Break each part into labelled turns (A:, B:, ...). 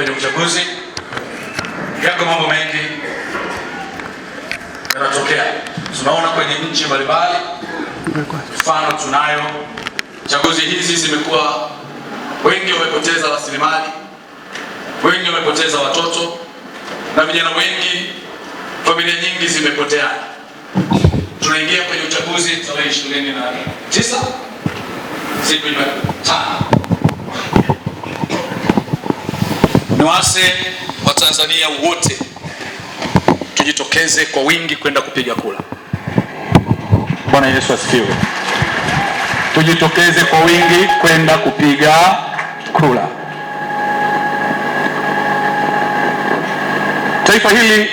A: kwenye uchaguzi, yako mambo mengi yanatokea, tunaona kwenye nchi mbalimbali. Mfano, tunayo chaguzi hizi zimekuwa, wengi wamepoteza rasilimali, wengi wamepoteza watoto na vijana wengi, familia nyingi zimepotea. Tunaingia kwenye uchaguzi tarehe ishirini na tisa siku ya tano. niwaase Watanzania wote tujitokeze kwa wingi kwenda kupiga kura.
B: Bwana Yesu asifiwe. Tujitokeze kwa wingi kwenda kupiga kura.
A: Taifa hili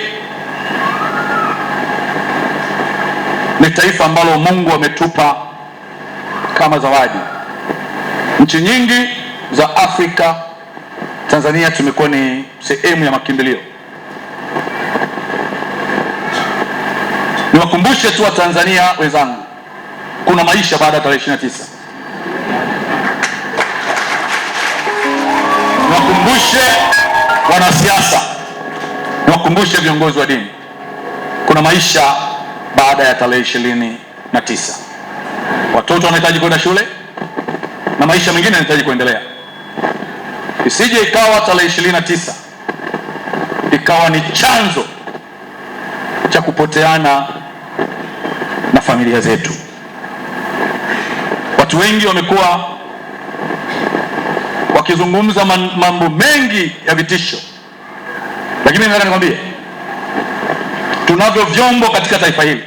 A: ni taifa ambalo Mungu ametupa kama zawadi. Nchi nyingi za Afrika Tanzania tumekuwa ni sehemu ya makimbilio. Niwakumbushe tu Watanzania wenzangu, kuna maisha baada ya tarehe 29. Niwakumbushe wanasiasa, niwakumbushe viongozi wa dini, kuna maisha baada ya tarehe ishirini na tisa. Watoto wanahitaji kwenda shule na maisha mengine yanahitaji kuendelea isije ikawa tarehe ishirini na tisa ikawa ni chanzo cha kupoteana na familia zetu. Watu wengi wamekuwa wakizungumza mambo mengi ya vitisho, lakini nataka nikwambie tunavyo vyombo katika taifa hili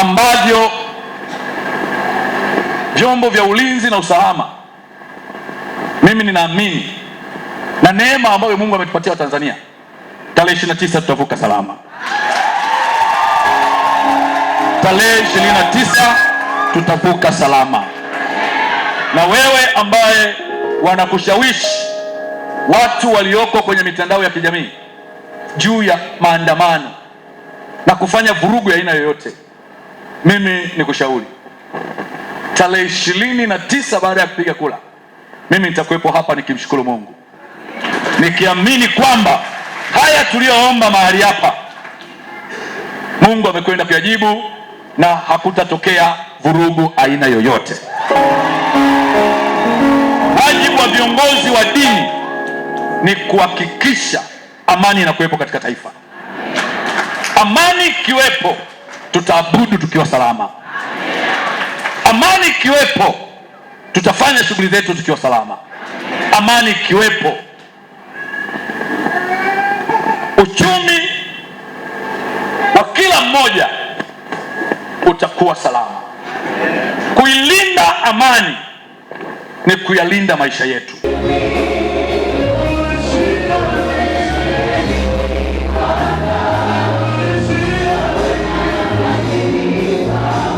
A: ambavyo vyombo vya ulinzi na usalama mimi ninaamini na neema ambayo Mungu ametupatia tanzania tarehe 29 tutavuka salama. Tarehe 29 tutavuka salama. Na wewe ambaye wanakushawishi watu walioko kwenye mitandao ya kijamii juu ya maandamano na kufanya vurugu ya aina yoyote, mimi nikushauri tarehe ishirini na tisa baada ya kupiga kura mimi nitakuwepo hapa nikimshukuru Mungu nikiamini kwamba haya tuliyoomba mahali hapa Mungu amekwenda kuyajibu na hakutatokea vurugu aina yoyote. Wajibu wa viongozi wa dini ni kuhakikisha amani inakuwepo katika taifa. Amani ikiwepo, tutaabudu tukiwa salama. Amani ikiwepo tutafanya shughuli zetu tukiwa salama, amani ikiwepo, uchumi wa kila mmoja utakuwa salama. Kuilinda amani ni kuyalinda maisha yetu.